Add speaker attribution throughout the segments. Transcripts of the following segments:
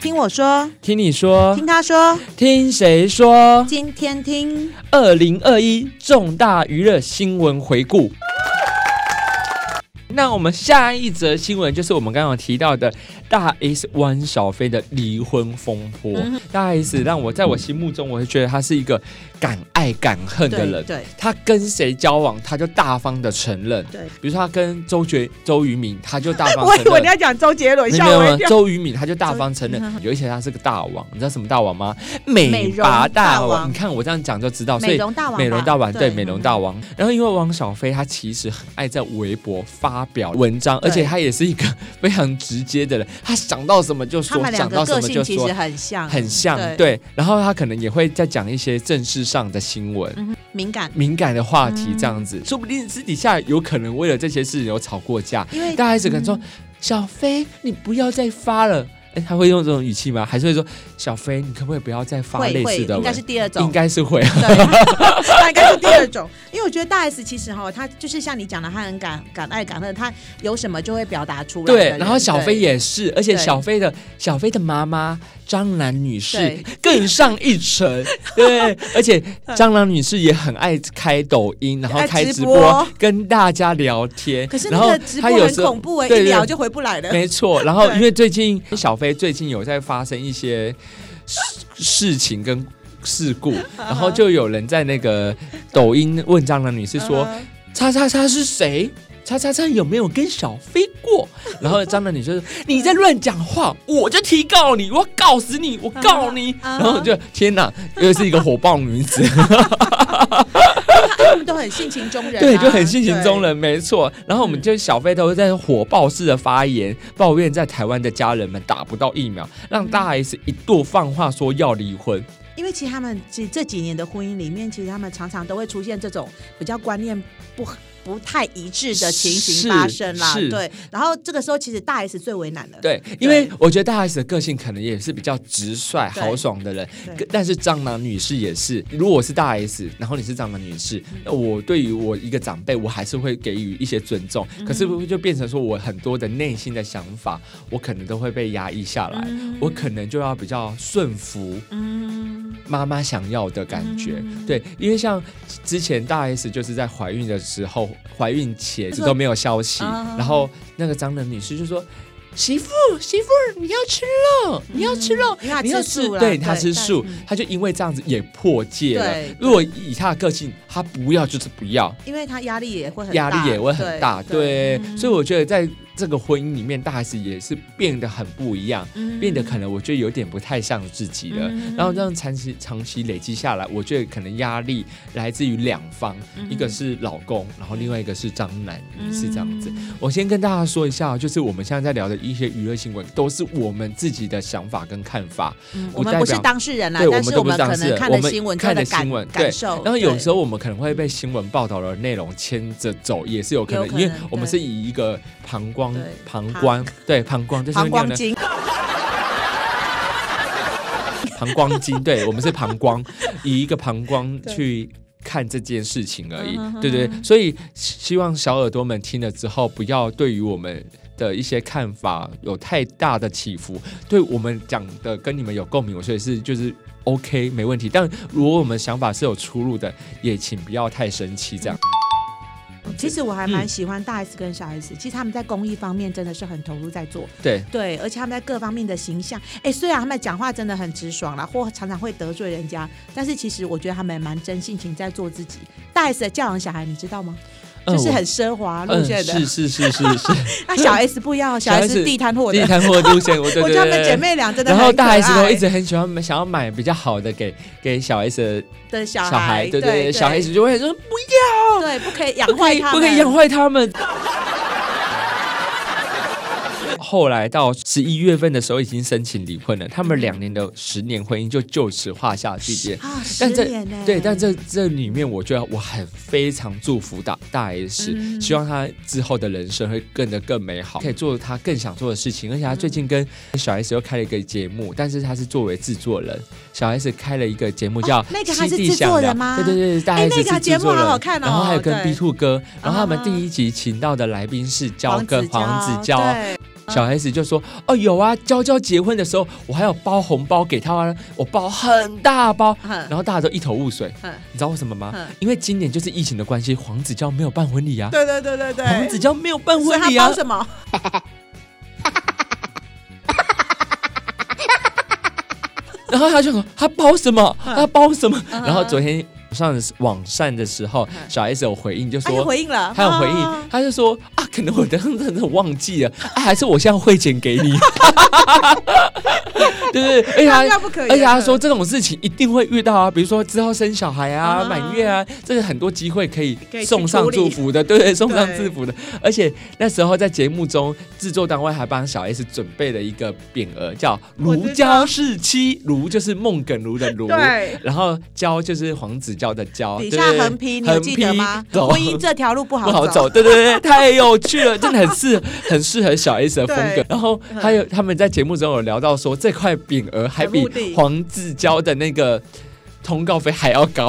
Speaker 1: 聽我說，聽你說，聽他說，聽誰說？今天聽二零二一重大娛樂新聞回顧。那我們下一則新聞就是我們剛剛提到的大 S 汪小菲的離婚風波。大 S 讓我，在我心目中，我就覺得他是一個敢愛敢恨的人。對，他跟誰交往，他就大方的承認。對，比如說他跟周杰、周渝民，他就大方承認。我以為你要
Speaker 2: 講周杰倫，沒有沒有，周渝
Speaker 1: 民他就大方承認。有一些他是個大王，你知道什麼大王嗎？美容大王。你看我這樣講就知道，所以美容大王，美容大王對，美容大王。然後因為汪小菲他其實很愛在微博發。表文章，而且他也是一個非常直接的人，對他想到什麼就說，他們兩個個性想到什麼就說，很
Speaker 2: 像，很像，對，對。
Speaker 1: 然後他可能也會在講一些政治上的新聞，嗯、
Speaker 2: 敏感敏
Speaker 1: 感的話題，嗯、這樣子，說不定私底下有可能為了這些事情有吵過架。因為大 S 可能說，嗯、
Speaker 2: 小菲，你不
Speaker 1: 要再發了，哎，他會用這種語氣嗎？還是會說？小飛，你可不可以不要再發類似的？應該是第二種，應該是會，
Speaker 2: 應該是第二種。因為我覺得大 S 其實哈，她就是像你講的，她很敢敢愛敢恨，她有什麼就會表達出來。對，然後小飛也是，而且小飛
Speaker 1: 的小飛的媽媽張蘭女士更上一層。對，而且張蘭女士也很愛開抖音，然後開直播跟大家聊天。可是那個直播很恐怖哎，一聊就回不來了。沒錯，然後因為最近小飛最近有在發生一些。事情跟事故，uh huh. 然後就有人在那個抖音問張蘭女士說：“ uh huh. 叉叉叉是誰？叉,叉叉叉有沒有跟小菲過？” uh huh. 然後張蘭女士說：“你在亂講話，uh huh. 我就提告你，我要告死你，我告你。Uh ” huh. 然後就天哪，又是一個火爆女子。Uh huh.
Speaker 2: 就很性情中人、啊，對，就很
Speaker 1: 性情中人，對沒錯。然後我們就小菲都在火爆式的發言，嗯、抱怨在台灣的家人們打不到疫苗，讓大 S 一度放話說要離婚。
Speaker 2: 因為其實他們這這幾年的婚姻裡面，其實他們常常都會出現這種比較觀念不合。不太一致的情形發生了，對。然後這個時候，其實大 S 最為難的，對，
Speaker 1: 因為我覺得大 S 的個性可能也是比較直率、豪對爽的人。對但是張蘭女士也是，如果我是大 S，然後你是張蘭女士，那我對於我一個長輩，我還是會給予一些尊重。可是，不會就變成說我很多的內心的想法，我可能都會被壓抑下來，我可能就要比較順服，嗯。嗯媽媽想要的感覺，對，因為像之前大 S 就是在懷孕的時候，懷孕茄子，都沒有消息，然後那個張蘭女士就說：“媳婦，
Speaker 2: 媳婦，你要吃肉，你要吃肉，你要吃，對，他吃
Speaker 1: 素，她就因為這樣子也破戒了。如果以她的個性，她不要就是不要，
Speaker 2: 因為她壓力也會很大，壓力也會很大，對，
Speaker 1: 所以我覺得在這個婚姻裡面，大 S 也是變得很不一樣，變得可能我覺得有點不太像自己了。然後這樣長期長期累積下來，我覺得可能壓力來自於兩方，一個是老公，然後另外一個是張蘭，是這樣子。我先跟大家說一下，就是我們現在在聊的一些娛樂新聞，都是我們自己的想法跟看法，我們不是當事人啊，但是我們可能看的新聞、看的感感受。然後有時候我們可能會被新聞報道的內容牽着走，也是有可能，因為我們是以一個旁觀。膀胱，對膀胱就是膀胱經，膀胱經，對，我們是膀胱，以一個膀胱去看這件事情而已，對對，對對，所以希望小耳朵們聽了之後，不要對於我們的一些看法有太大的起伏，對。我們講的跟你們有共鳴，我所以是就是 OK 沒問題，但如果我們想法是有出入的，也請不要太生氣，這樣。
Speaker 2: 其實我還蠻喜歡大 S 跟小 S，嗯，其實他們在公益方面真的是很投入在做，對，對，而且他們在各方面的形象，哎，雖然他們講話真的很直爽啦，或常常會得罪人家，但是其實我覺得他們也蠻真性情在做自己。大 S 的教養小孩，你知道嗎？就是很奢華、嗯、路線的，是是是是是。是是是 那小 S 不要，小 S 地攤貨小 S, 路線， 我覺得對對對。她們姐妹倆真的，然後大 S 都一直
Speaker 1: 很喜歡，想要買比較好的給給小 S 的小孩，對，小孩對，對對，小 S 就會說不要，
Speaker 2: 對，不可以養壞他們不，不可以養壞
Speaker 1: 他們。後來到十一月份的時候，已經申請離婚了。他們兩年的十年婚姻就就此畫下句點。哦、十年耶，對，但這這裡面，我覺得我很非常祝福大大 S，嗯、希望他之後的人生會變得更美好，可以做他更想做的事情。而且他最近跟小 S 又開了一個節目，但是他是作為制作人。小 S 開了一個節目叫、哦《那個》，是制作人嗎？對對對，大 S 是制作人。那個節目很好看、哦、然後還有跟 B Two 哥，對然後他們第一集請到的來賓是佼哥跟黃子佼。小 S 就說：“哦，有啊，佼佼結婚的時候，我還有包紅包給他啊，我包很大包，然後大家都一頭霧水，你知道為什麼嗎？因為今年就是疫情的關係，黃子佼沒有辦婚禮啊，對對對
Speaker 2: 對黃子佼沒有辦婚禮啊，包什麼？
Speaker 1: 然後他就說他包什麼？他包什麼？然後昨天上網扇的時候，小 S 有回應，就說回應了，他有回應，他就說。”可能我當時真的忘記了，還是我現在匯錢給你？對不對？哎呀，而且他說這種事情一定會遇到啊！比如說之後生小孩啊、滿月啊，這是很多機會可以送上祝福的，對不對？送上祝福的。而且那時候在節目中，制作單位還幫小 S 準備了一個匾額，叫“如膠似漆”，如就是孟耿如的如，然後膠就是黃子佼的膠，底下橫批，你記得嗎？婚姻這
Speaker 2: 條路不好走。對對
Speaker 1: 對，太有。去了，真的很適很適合小 S 的風格。對然後還有他們在節目中有聊到說，這塊餅額還比黃子佼的那個通告費還要高，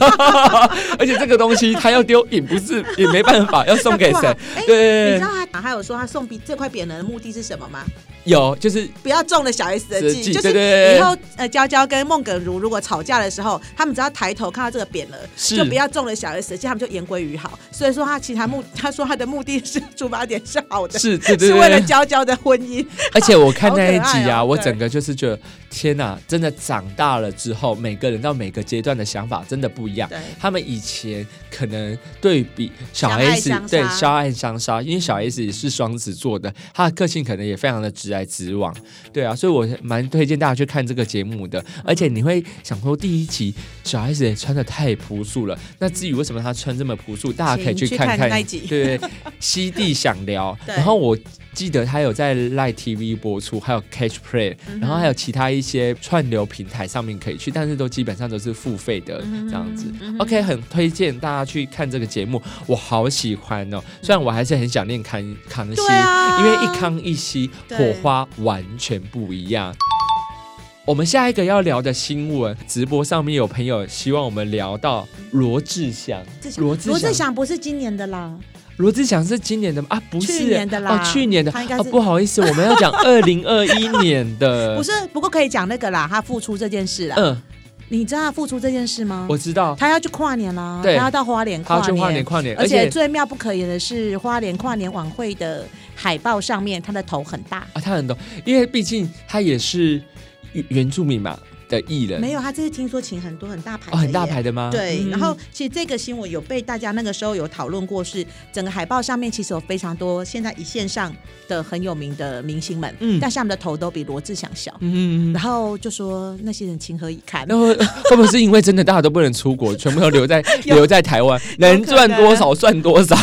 Speaker 1: 而且這個東西他要丟，也不是，也沒辦法，要送給誰？欸、對，你知
Speaker 2: 道他有說他送餅這塊餅的目的是什麼嗎？有，就是不要中了小 S 的計，計對對就是以後呃，嬌嬌跟孟耿如如果吵架的時候，他們只要抬頭看到這個匾額，是就不要中了小 S 的計，他們就言歸於好。所以說他其他目，他說他的目的是出發點是好的，是，對對對是為了嬌嬌的婚姻。而且
Speaker 1: 我看那一集啊，哦、我整個就是覺得天哪，真的長大了之後，每個人到每個階段的想法真的不一樣。對他們以前可能對比小 S，, S, 相相 對相愛相殺，因為小 S 也是雙子座的，他的個性可能也非常的直。來之往，對啊，所以我蠻推薦大家去看這個節目的，而且你會想說第一集小孩子也穿的太樸素了，那至於為什麼他穿這麼樸素，大家可以去看看。對對，西地想聊，然後我記得他有在 Light TV 播出，還有 Catch Play，然後還有其他一些串流平台上面可以去，但是都基本上都是付費的這樣子。OK，很推薦大家去看這個節目，我好喜歡哦。雖然我還是很想念康康熙，因為一康一西火。花完全不一樣。我們下一個要聊的新聞，直播上面有朋友希望我們聊到羅志祥。羅志
Speaker 2: 祥不是今年的啦。
Speaker 1: 羅志祥是今年的啊？不是去年的啦？去年的，不好意思，我們要講二零二一年的。不
Speaker 2: 是，不過可以講那個啦，他復出這件事啦。
Speaker 1: 嗯，
Speaker 2: 你知道他復出這件事嗎？我知道，他要去跨年啦，他要到花蓮跨年。他去跨年跨年，而且最妙不可言的是花蓮跨年晚會的。海報上面他的頭很大
Speaker 1: 啊，他很多，因為畢竟他也是原住民嘛的藝人，沒
Speaker 2: 有他就是聽說請很多很大牌，哦、很大牌的嗎？對。嗯、哼然後其實這個新聞有被大家那個時候有討論過是，是、嗯、整個海報上面其實有非常多現在一線上的很有名的明星們，嗯，但是他們的頭都比羅志祥小，嗯，嗯，嗯，然後就說那些人情何以堪？那會不會是
Speaker 1: 因為真的大家都不能出國， 全部都留在留在台灣，能賺多少算多少？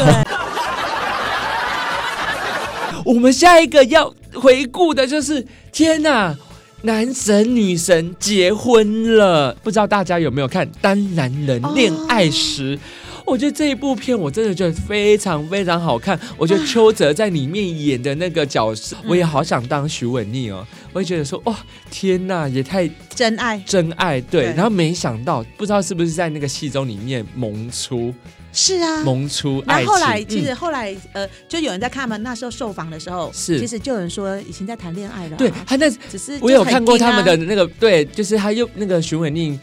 Speaker 1: 我們下一個要回顧的就是天哪，男神女神結婚了，不知道大家有沒有看《當男人戀愛時》？Oh. 我覺得這一部片我真的覺得非常非常好看，我覺得邱澤在裡面演的那個角色，oh. 我也好想當許瑋甯哦。會覺得說哇、哦，天吶，也太真愛真愛，對，對，然後沒想到，不知道是不是在那個戲中裡面萌出，是啊，萌出愛情，然後後來其實
Speaker 2: 後來、嗯、呃，就有人在看他們那時候受訪的時候，是其實就有人說已經在談戀愛了、啊。對他那只是、啊、我有看過他們的
Speaker 1: 那個對，就是他又那個許瑋甯。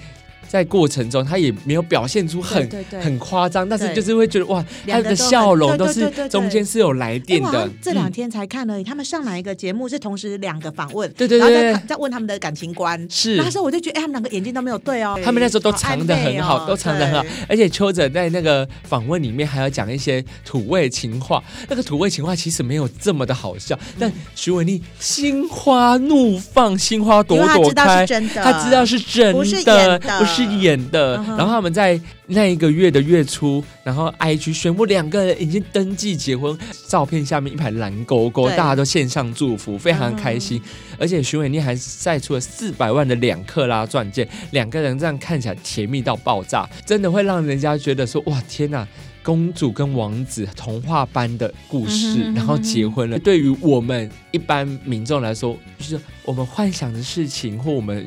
Speaker 1: 在過程中，他也沒有表現出很很誇張，但是就是會覺得哇，他的笑容都是中間是有來電的。這兩
Speaker 2: 天才看了，他們上哪一個節目是同時兩個訪問？對對對，然後再再問他們的感情觀。是，那時候我就覺得，哎，他們兩個眼睛都沒有對哦。他們那時候都藏得很好，都藏得很
Speaker 1: 好。而且邱澤在那個訪問裡面還要講一些土味情話，那個土味情話其實沒有這麼的好笑。但許瑋甯心花怒放，心花朵朵開，他知道是真的，他知道是真的，不是演的，不是。演的，uh huh. 然後他們在那一個月的月初，然後 I G 宣布兩個人已經登記結婚，照片下面一排藍勾勾，對大家都獻上祝福，非常開心。Uh huh. 而且許瑋甯還曬出了四百萬的兩克拉鑽戒，兩個人這樣看起來甜蜜到爆炸，真的會讓人家覺得說：哇，天哪！公主跟王子童話般的故事，uh huh. 然後結婚了。Uh huh. 對於我們一般民眾來說，就是我們幻想的事情，或我們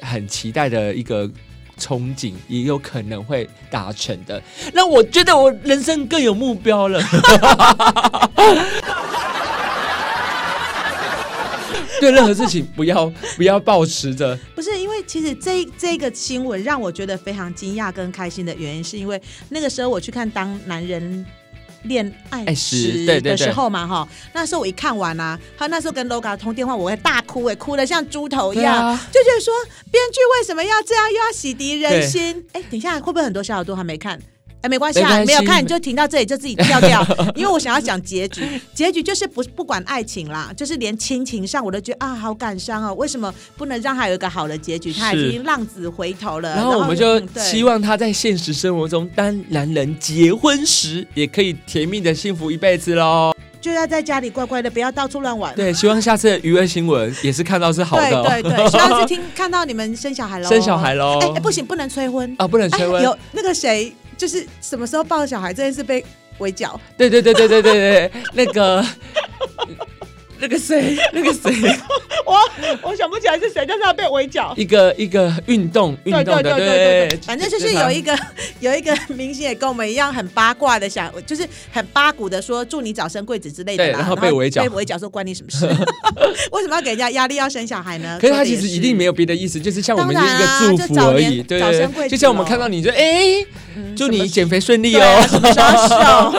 Speaker 1: 很期待的一個。憧憬也有可能會達成的，那我覺得我人生更有目標了。 對任何事情不要不要抱持着，
Speaker 2: 不是因為其實這一這個新聞讓我覺得非常驚訝跟開心的原因，是因為那個時候我去看《當男人》。戀愛時的時候嘛，哈，那時候我一看完啊，他那時候跟 Loga 通電話，我會大哭、欸，哎，哭的像豬頭一樣，啊、就覺得說編劇為什麼要這樣，又要洗滌人心？哎對、欸，等一下會不會很多小耳朵還沒看？沒關係啊，沒有看就停到這裡，就自己跳掉。因為我想要講結局，結局就是不不管愛情啦，就是連親情，情上我都覺得啊，好感傷哦。為什麼不能讓他有一個好的結局？他已經浪子回頭了，然後我們就希
Speaker 1: 望他在現實生活中當男人結婚時，也可以甜蜜的幸福一輩子嘍。
Speaker 2: 就要在家裡乖乖的，不要到處亂玩。
Speaker 1: 對，希望下次的娛樂新聞也是看到是好的。對對對，對，下次
Speaker 2: 聽看到你們生小孩嘍，生小孩嘍。哎、呃，不行，不能催婚啊、哎呃，不能催婚、哎。有、呃、那個誰。就是什麼時候抱小孩這件事被圍剿？
Speaker 1: 對對對對對對對、對， 那個。那個誰，那個誰，
Speaker 2: 我我想不起來是誰，但是他被圍剿，一
Speaker 1: 個一個運動運動對對，反正就是有一個
Speaker 2: 有一個明星也跟我們一樣很八卦的想，就是很八股的說祝你早生貴子之類的，對，然後被圍剿，被圍剿說關你什麼事？為什麼要給人家壓力要生小孩呢？可是他其實
Speaker 1: 一定沒有別的意思，就是像我們一個祝福而已，對，早生貴子，就像我們看到你就哎，祝你減肥順利哦，搞笑。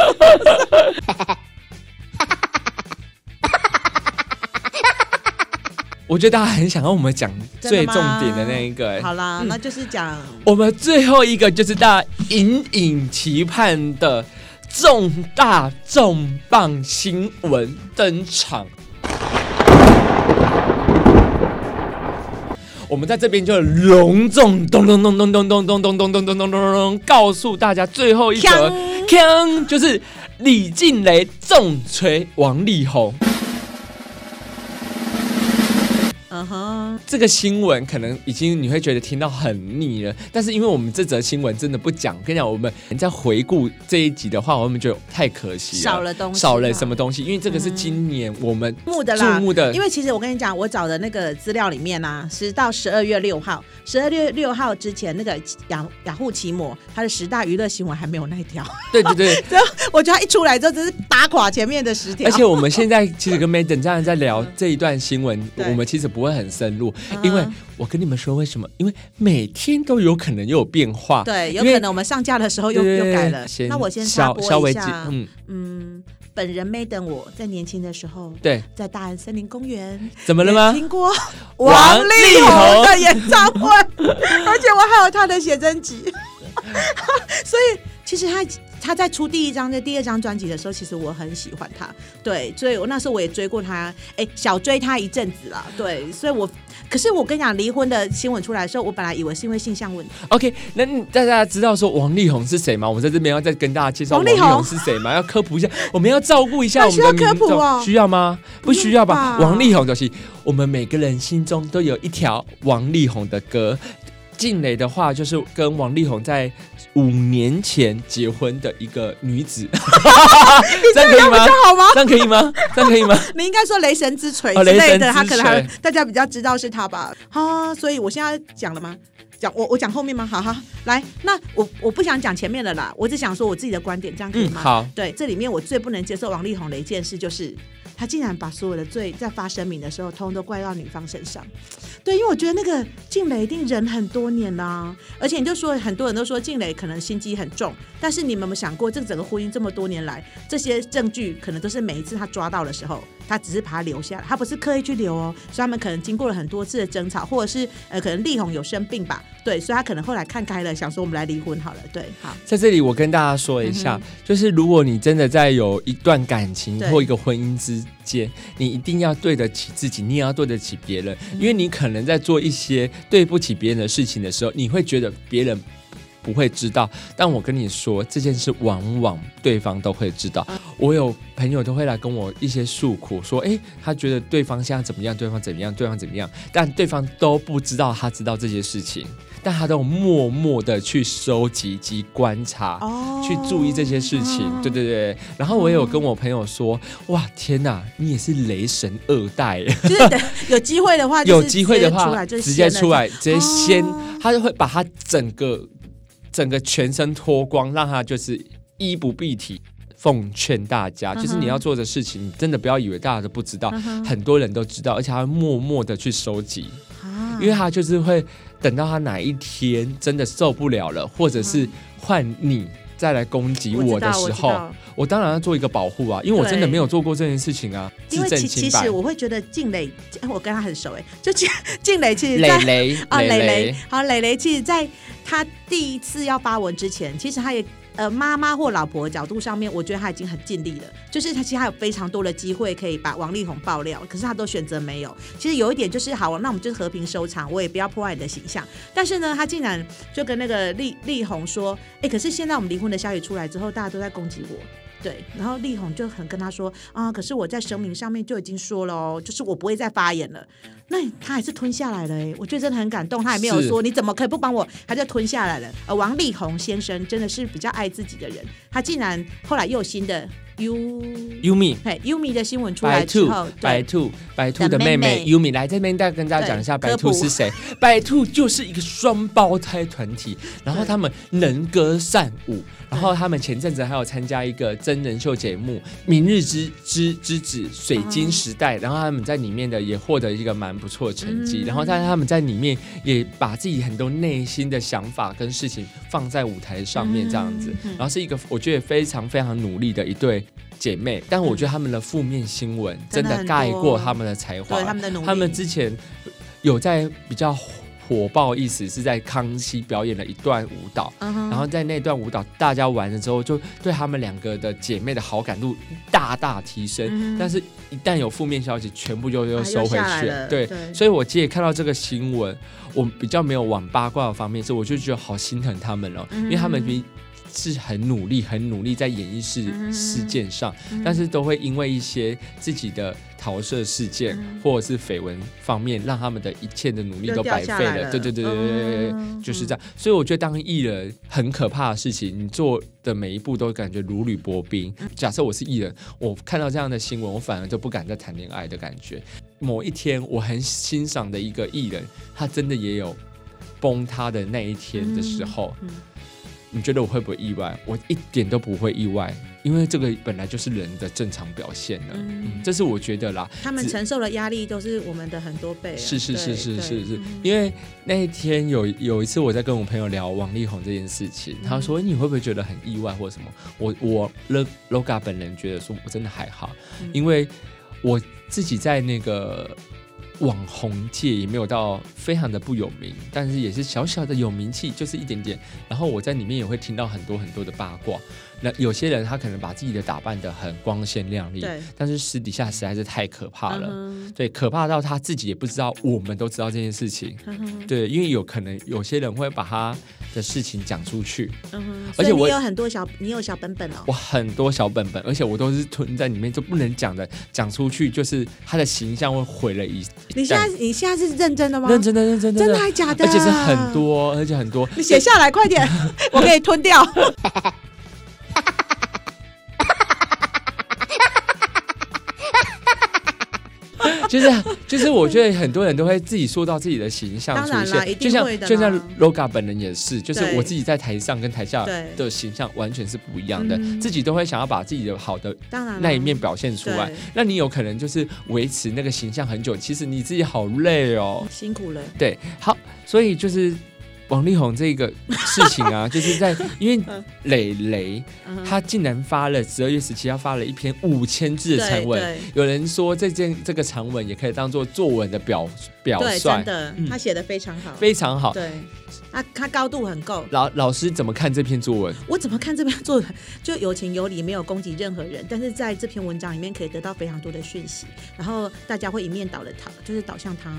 Speaker 1: 我覺得大家很想要我們講最重點的那一個。好啦，那就是講我們最後一個，就是大家隱隱期盼的重大重磅新聞登場。我們在這邊就隆重咚咚咚咚咚咚咚咚咚咚咚咚咚告訴大家最後一個鏘，就是李靚蕾重錘王力宏。Uh huh. 這個新聞可能已經你會覺得聽到很膩了，但是因為我們這則新聞真的不講，跟你講，我們你在回顧這一集的話，我們覺得太可惜了，少了東西、啊，少了什麼東西？嗯、因為這個是今年我們注目的啦，注目的因為
Speaker 2: 其實我跟你講，我找的那個資料裡面啊，十到十二月六號，十二月六號之前那個雅雅虎奇摩它的十大娛樂新聞還沒有那一條，對對對， 所以我覺得他一出來就只是打垮前面的十條，而且我
Speaker 1: 們現在其實跟 Madam 這樣在聊這一段新聞， 對我們其實不會。會很深入，因為我跟你們說為什麼？因為每天都有可能有變化，對，為有可能我們上架的時候又對又改了。先那我先插播一下。嗯嗯，
Speaker 2: 本人沒等我在年輕的時候，對，在大安森林公園怎麼了嗎？聽過王力宏的演唱會，立 而且我還有他的寫真集， 所以。其實他他在出第一張、在第二張專輯的時候，其實我很喜歡他，對，所以我那時候我也追過他，哎、欸，小追他一陣子啦，對，所以我可是我跟你講，離婚的新聞出來的時候，我本來以為是因為性向問題。OK，
Speaker 1: 那大家知道說王力宏是誰嗎？我們在這邊要再跟大家介紹王力宏是誰嗎？要科普一下，我們要照顧一下我們的科普眾、哦，需要嗎？不需要吧？吧，王力宏就是我們每個人心中都有一條王力宏的歌。靚蕾的話，就是跟王力宏在五年前結婚的一個女子，
Speaker 2: 這樣可以嗎？這樣可以嗎？這樣可以嗎？你應該說雷神之錘之類的，哦、他可能還大家比較知道是他吧。啊，所以我現在講了嗎？講我我講後面嗎？好好，來，那我我不想講前面的啦，我只想說我自己的觀點，這樣可以嗎？嗯、好，對，這裡面我最不能接受王力宏的一件事就是。他竟然把所有的罪在發聲明的時候，通通都怪到女方身上，對，因為我覺得那個靚蕾一定忍很多年啦、啊，而且你就說很多人都說靚蕾可能心機很重，但是你們有沒有想過，這整個婚姻這麼多年來，這些證據可能都是每一次他抓到的時候。他只是把他留下來，他不是刻意去留哦，所以他們可能經過了很多次的爭吵，或者是呃，可能力宏有生病吧，對，所以他可能後來看開了，想說我們來離婚好了，對，好。
Speaker 1: 在這裡我跟大家說一下，嗯、哼就是如果你真的在有一段感情或一個婚姻之間，對你一定要對得起自己，你也要對得起別人，因為你可能在做一些對不起別人的事情的時候，你會覺得別人。不會知道，但我跟你說，這件事往往對方都會知道。我有朋友都會來跟我一些訴苦，說：“哎，他覺得對方現在怎麼樣？對方怎麼樣？對方怎麼樣？”但對方都不知道，他知道這些事情，但他都默默的去收集及觀察，oh, 去注意這些事情。Oh. 對對對。然後我也有跟我朋友說：“ oh. 哇，天哪，你也是雷神二代。 ”就
Speaker 2: 是有機會的話，有機會的話，直接出來，直接出來，直接
Speaker 1: 先，oh. 他就會把他整個。整個全身脫光，讓他就是衣不蔽體。奉勸大家，就是你要做的事情，你真的不要以為大家都不知道，很多人都知道，而且他會默默的去收集，因為他就是會等到他哪一天真的受不了了，或者是換你。再來攻擊我的時候，我，我，我當然要做一個保護啊，因為我真的沒有做過這件事情啊。對因為其其實我
Speaker 2: 會覺得靚蕾，我跟她很熟誒、欸，就靚靚蕾，其實蕾蕾雷啊，蕾蕾雷，好，蕾蕾，其實，在她第一次要發文之前，其實她也。呃，媽媽或老婆的角度上面，我覺得他已經很盡力了。就是他其實他有非常多的機會可以把王力宏爆料，可是他都選擇沒有。其實有一點就是，好，那我們就和平收場，我也不要破壞你的形象。但是呢，他竟然就跟那個力力宏說：“哎，可是現在我們離婚的消息出來之後，大家都在攻擊我。”對，然後力宏就很跟他說：“啊，可是我在聲明上面就已經說了哦，就是我不會再發言了。”那他還是吞下來了，哎，我覺得真的很感動，他也沒有說，你怎麼可以不幫我，他就吞下來了。而王力宏先生真的是比較愛自己的人，他竟然後來又有新的 You Yumi 哎，Yumi 的新聞出來之後，
Speaker 1: 白兔，白兔的妹妹 Yumi 來這邊再跟大家講一下白兔是誰。白兔就是一個雙胞胎團體，然後他們能歌善舞，然後他們前陣子還有參加一個真人秀節目《明日之之之子水晶時代》，然後他們在裡面的也獲得一個蠻不錯的成績，嗯、然後但是他們在裡面也把自己很多內心的想法跟事情放在舞台上面這樣子，嗯嗯、然後是一個我覺得非常非常努力的一對姐妹，但我覺得他們的負面新聞真的蓋過他們的才華，他們的努力，他們之前有在比較。火爆意思是在康熙表演了一段舞蹈，uh huh. 然後在那段舞蹈大家玩了之後，就對他們兩個的姐妹的好感度大大提升。Mm hmm. 但是，一旦有負面消息，全部又又收回去。啊、了對，對所以我今天看到這個新聞，我比較沒有往八卦的方面，所以我就覺得好心疼他們了、喔，mm hmm. 因為他們比。是很努力，很努力在演藝事事件上，嗯嗯、但是都會因為一些自己的桃色事件、嗯、或者是緋聞方面，讓他們的一切的努力都白費了。了對對對對對，嗯、就是這樣。所以我覺得當藝人很可怕的事情，你做的每一步都感覺如履薄冰。嗯、假設我是藝人，我看到這樣的新聞，我反而都不敢再談戀愛的感覺。某一天，我很欣賞的一個藝人，他真的也有崩塌的那一天的時候。嗯嗯你覺得我會不會意外？我一點都不會意外，因為這個本來就是人的正常表現了。嗯、這是我覺得啦。他們承
Speaker 2: 受的壓力都是我們的很多倍。是是是是是
Speaker 1: 是。因為那一天有有一次我在跟我朋友聊王力宏這件事情，他說：“你會不會覺得很意外或者什麼？”我我 Loga 本人覺得說我真的還好，嗯、因為我自己在那個。網紅界也沒有到非常的不有名，但是也是小小的有名氣，就是一點點。然後我在裡面也會聽到很多很多的八卦。那有些人他可能把自己的打扮得很光鮮亮麗，但是私底下實在是太可怕了，對，可怕到他自己也不知道，我們都知道這件事情，對，因為有可能有些人會把他的事情講出去，
Speaker 2: 而且我有很多小，你有小本本哦？
Speaker 1: 我很多小本本，而且我都是吞在裡面，就不能講的，講出去就是他的形象會毀了一。你現在
Speaker 2: 你現在是認真的嗎？認真的，認真的，真的還假的？而且是很多，
Speaker 1: 而且很多，你寫下來
Speaker 2: 快點，我給你吞掉。
Speaker 1: 就，就是就是，我覺得很多人都會自己塑造自己的形象出現，就像就像 Loga 本人也是，就是我自己在台上跟台下的形象完全是不一樣的，對自己都會想要把自己的好的那一面表現出來。那你有可能就是維持那個形象很久，其實你自己好累哦。喔，辛苦了。對，好，所以就是。王力宏這個事情啊， 就是在因為蕾蕾他竟然發了十二月十七號，發了一篇五千字的長文。對對有人說這件這個長文也可以當做作，作文的表表率，對，真的，嗯、他
Speaker 2: 寫的非常好，非常好。對，他他高度很夠。
Speaker 1: 老老師怎麼看這篇作文？
Speaker 2: 我怎麼看這篇作文？就有情有理，沒有攻擊任何人，但是在這篇文章裡面可以得到非常多的訊息。然後大家會一面倒的他，就是倒向他，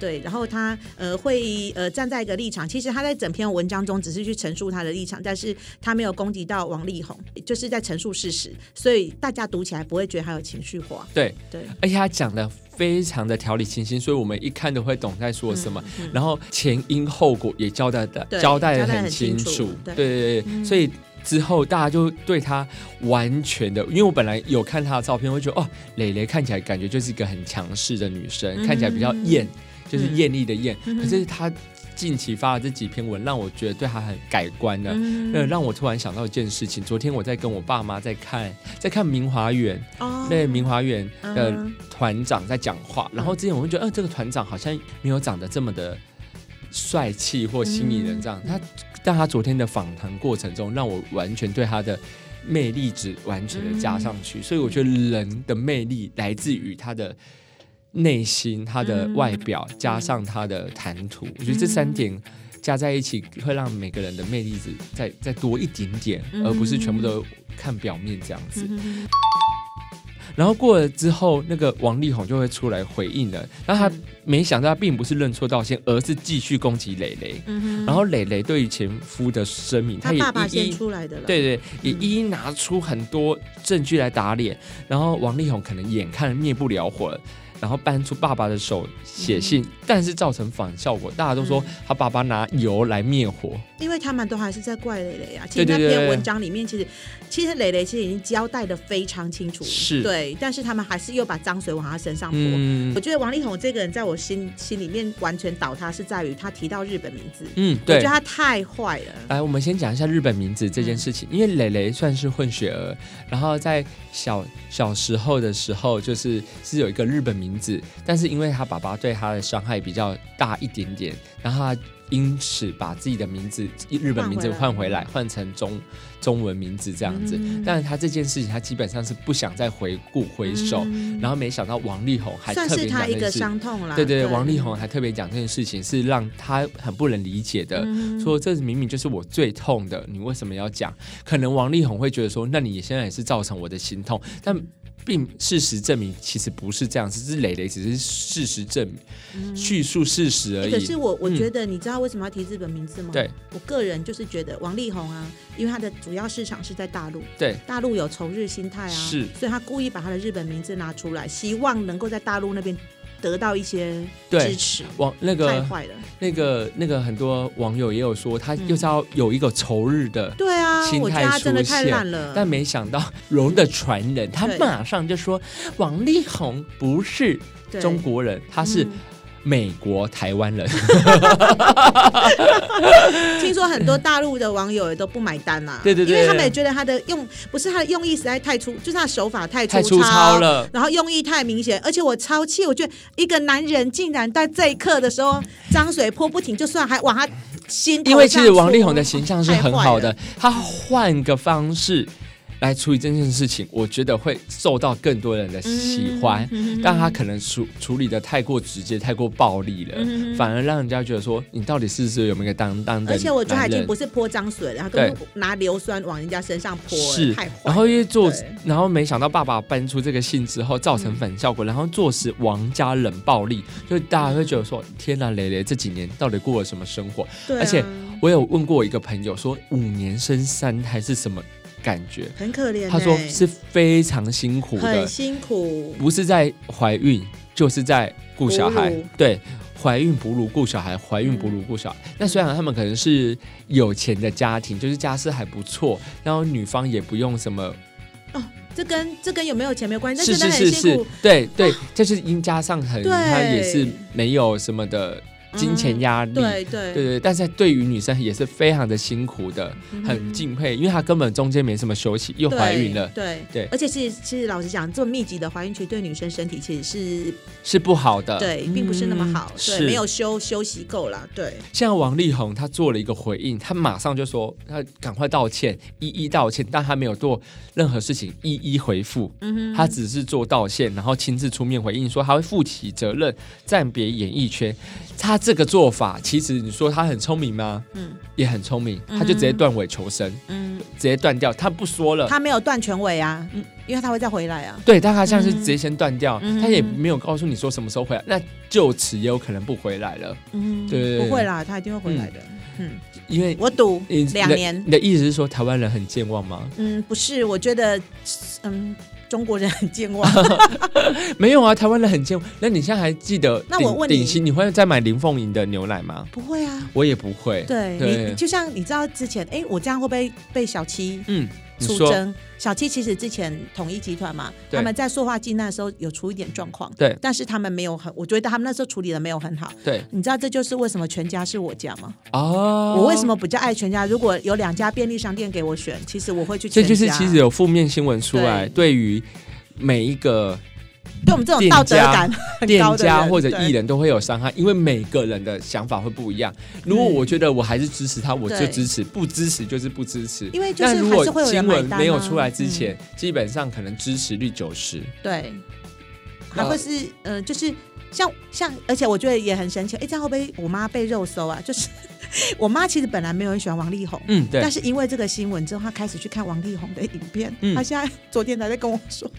Speaker 2: 對，然後他呃會呃站在一個立場，其實。其實他在整篇文章中只是去陳述他的立場，但是他沒有攻擊到王力宏，就是在陳述事實，所以大家讀起來不會覺得他有情緒化。
Speaker 1: 對對，對，而且他講的非常的條理清晰，所以我們一看都會懂在說什麼，嗯嗯、然後前因後果也交代的對交代的很清楚。清楚對，對對對，嗯、所以之後大家就對他完全的，因為我本來有看他的照片，會覺得哦，蕾蕾看起來感覺就是一個很強勢的女生，嗯、看起來比較豔，嗯、就是豔麗的豔，嗯、可是他。近期發的這幾篇文讓我覺得對他很改觀的那、嗯呃、讓我突然想到一件事情。昨天我在跟我爸媽在看，在看明華園，那、哦、明華園的團長在講話。嗯、然後之前我會覺得，呃，這個團長好像沒有長得這麼的帥氣或吸引人，這樣。嗯、他，但他昨天的訪談過程中，讓我完全對他的魅力值完全的加上去。嗯、所以我覺得人的魅力來自於他的。內心、他的外表、嗯、加上他的談吐，嗯、我覺得這三點加在一起會讓每個人的魅力值再再多一點點，而不是全部都看表面這樣子。嗯、然後過了之後，那個王力宏就會出來回應了。然後他沒想到，並不是認錯道歉，而是繼續攻擊蕾蕾。嗯、然後蕾蕾對於前夫的聲明，他，爸爸他也爸一,一出來的了，對，對對，也一一拿出很多證據來打臉。嗯、然後王力宏可能眼看滅不了火。然後搬出爸爸的手寫信，嗯、但是造成反效果，大家都說他爸爸拿油來滅火，
Speaker 2: 因為他們都還是在怪蕾蕾啊。其實那篇文章裡面，其實對對對其實蕾蕾其實已經交代的非常清楚，是對，但是他們還是又把髒水往他身上潑。嗯、我覺得王力宏這個人在我心心裡面完全倒塌，是在於他提到日本名字，嗯，對，我覺得他太壞了。
Speaker 1: 來，我們先講一下日本名字這件事情，嗯、因為蕾蕾算是混血兒，然後在小小時候的時候，就是是有一個日本名。名字，但是因為他爸爸對他的傷害比較大一點點，然後他因此把自己的名字、日本名字換回來，換成中中文名字這樣子。嗯、但是他這件事情，他基本上是不想再回顧回首。嗯、然後沒想到王力宏還特別講這個事
Speaker 2: 情，對對對，對王力宏
Speaker 1: 還特別講這件事情是讓他很不能理解的，嗯、說這明明就是我最痛的，你為什麼要講？可能王力宏會覺得說，那你現在也是造成我的心痛，但。並事實證明，其實不是這樣，只是蕾蕾只是事實證明，敘、嗯、述事實而已。可是我我覺得，
Speaker 2: 你知道為什麼要提日本名字嗎？嗯、對，我個人就是覺得王力宏啊，因為他的主要市場是在大陸，對，大陸有仇日心態啊，是，所以他故意把他的日本名字拿出來，希望能夠在大陸那邊。得到一些
Speaker 1: 支持對，王那個那個那個很多網友也有說，他又知道有一個仇日的對啊心態出現，嗯啊、了，但沒想到龍的傳人，嗯、他馬上就說對王力宏不是中國人，對他是、嗯。美國台灣人，
Speaker 2: 聽說很多大陸的網友也都不買單吶。對對對，因為他們也覺得他的用，不是他的用意實在太粗，就是他手法太粗糙了，然後用意太明顯。而且我超氣，我覺得一個男人竟然在這一刻的時候，髒水潑不停，就算還往他心，因為其實王力宏的
Speaker 1: 形象是很好的，他換個方式來處理這件事情，我覺得會受到更多人的喜歡，嗯嗯、但他可能處處理的太過直接、太過暴力了，嗯、反而讓人家覺得說你到底是不是有沒有當當的。而且我覺得他已經不是
Speaker 2: 潑髒水，然後都對拿硫酸往人家身上潑，是太壞。
Speaker 1: 然後因為做，對然後沒想到爸爸搬出這個信之後，造成反效果，嗯、然後坐實王家冷暴力，就大家會覺得說、嗯、天吶，蕾蕾這幾年到底過了什麼生活？對啊、而且我有問過一個朋友說，五年生三胎是什麼？感覺很可憐、欸，他說是非常辛苦的，很辛苦，不是在懷孕，就是在顧小孩。嗯、對，懷孕哺乳顧小孩，懷孕哺乳顧小孩。嗯、那雖然他們可能是有錢的家庭，就是家世還不錯，然後女方也不用什麼哦、啊，
Speaker 2: 這跟這跟有沒有錢沒有關係，是，是是是是，
Speaker 1: 對、啊、對，就是因家上很，對他也是沒有什麼的。金錢壓力，嗯、對，對，對對對，但是對於女生也是非常的辛苦的，嗯、哼很敬佩，因為她根本中間沒什麼休息，又懷孕了，對
Speaker 2: 對，對對。而且是，其實老實講，這麼密集的懷孕，其實對女生身體其實是
Speaker 1: 是不好的，對，並不是那麼
Speaker 2: 好，嗯、對，沒有休是休息夠啦，對。
Speaker 1: 像王力宏他做了一個回應，他馬上就說他趕快道歉，一一道歉，但他沒有做任何事情一一回復，嗯哼，他只是做道歉，然後親自出面回應說他會負起責任，暫別演藝圈，他。這個做法，其實你說他很聰明嗎？嗯，也很聰明，他就直接斷尾求生，嗯，直接斷掉，他不說了，他沒
Speaker 2: 有斷全尾啊，因為他會再回來啊。對，
Speaker 1: 但他像是直接先斷掉，他也沒有告訴你說什麼時候回來，那就此也有可能不回來了。嗯，對，不會啦，他一定會回來的。嗯，因為我賭兩年，你的意思是說台灣人很健忘嗎？嗯，
Speaker 2: 不是，我覺得，嗯。中國人很健忘，
Speaker 1: 沒有啊，台灣人很健忘。那你現在還記得？那我問你，頂新你會再買林鳳營的牛奶嗎？不會啊，我也不會。對你對、欸、就
Speaker 2: 像你知道之前，哎、欸，我這樣會不會被小七？嗯。出征說小七其實之前統一集團嘛，對他們在塑化劑那時候有出一點狀況，對，但是他們沒有很，我覺得他們那時候處理的沒有很好，對，你知道這就是為什麼全家是我家嗎？
Speaker 1: 哦，oh, 我為什麼
Speaker 2: 比較愛全家？如果有兩家便利商店給我選，其實我會去。這就是其實
Speaker 1: 有負面新聞出來，對，對於每一個。對我們這種道德感店家，店家或者藝人都會有傷害，對因為每個人的想法會不一樣。如果我覺得我還是支持他，嗯、我就支持；對不支持就是不支持。因為是是、啊、但如果新聞沒有出來之前，嗯、基本上可能支持率九十。
Speaker 2: 對。好或者是呃、嗯、就是像像，而且我覺得也很神奇。哎、欸，這樣會不會我媽被熱搜啊，就是我媽其實本來沒有很喜歡王力宏，嗯，對，但是因為這個新聞之後，她開始去看王力宏的影片。嗯，她現在昨天還在跟我說，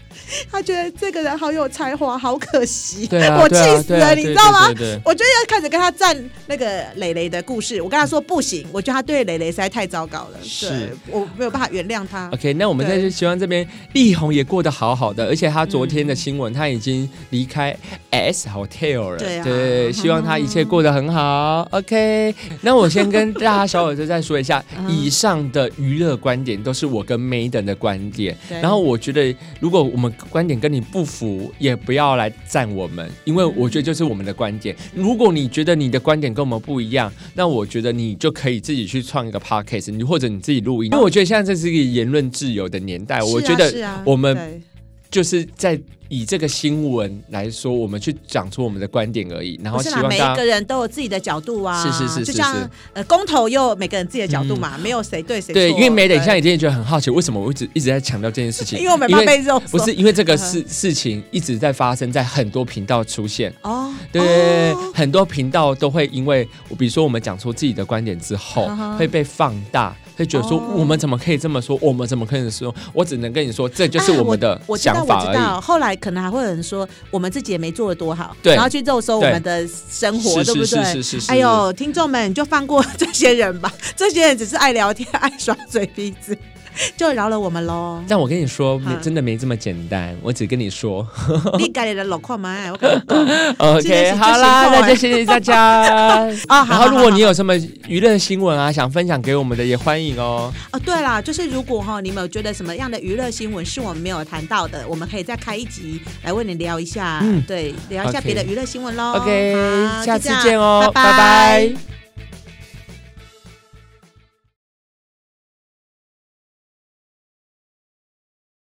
Speaker 2: 她覺得這個人好有才華，好可惜，對、啊、我氣死了，啊啊啊、你知道嗎？對對對對，我就要開始跟他站那個蕾蕾的故事。我跟他說不行，我覺得他對蕾蕾實在太糟糕了，是對，我沒有辦法原諒他。
Speaker 1: OK，那我們再去希望這邊對力宏也過得好好的，而且他昨天的新聞他、嗯、已經。離開 S Hotel 了，對，啊、對，希望他一切過得很好。嗯、OK，那我先跟大家小耳朵再說一下， 以上的娛樂觀點都是我跟 Madam 的觀點。對然後我覺得，如果我們觀點跟你不符，也不要來讚我們，因為我覺得就是我們的觀點。如果你覺得你的觀點跟我們不一樣，那我覺得你就可以自己去創一個 podcast，你或者你自己錄音，因為我覺得現在這是一個言論自由的年代。我覺得我們是、啊是啊、就是在。以這個新聞來說，我們去講出我們的觀點而已，然後希望大家每一個
Speaker 2: 人都有自己的角度啊。是是是是是，呃，公投又每個人自己的角度嘛，沒有誰對誰錯，因為 Madam 像你
Speaker 1: 今天覺得很好奇，為什麼我一直一直在強調這件事情？因為我們發被肉。不是因為這個事事情一直在發生，在很多頻道出現哦，對對對，很多頻道都會因為，比如說我們講出自己的觀點之後會被放大，會覺得說我們怎麼可以這麼說？我們怎麼可以這麼說？我只能跟你說，這就是我們的想法而已。後
Speaker 2: 來。可能還會有人說，我們自己也沒做得多好，對然後去肉搜我們的生活，對，對不對？哎呦，是是是聽眾們就放過這些人吧，這些人只是愛聊天、愛耍嘴皮子。就饒了我們嘍！但我
Speaker 1: 跟你說，真的沒這麼簡單。我只跟你說，
Speaker 2: 你改你的路嘛！我改。
Speaker 1: OK，好啦，那就謝謝
Speaker 2: 大家。啊，好。然後如果你
Speaker 1: 有什麼娛樂新聞啊，想分享給我們的也
Speaker 2: 歡迎哦。哦對啦，就是如果哈，你們有覺得什麼樣的娛樂新聞是我們沒有談到的，我們可以再開一集來為你聊一下。嗯，對，聊一下別的娛樂新聞嘍。OK，下次見哦，拜拜。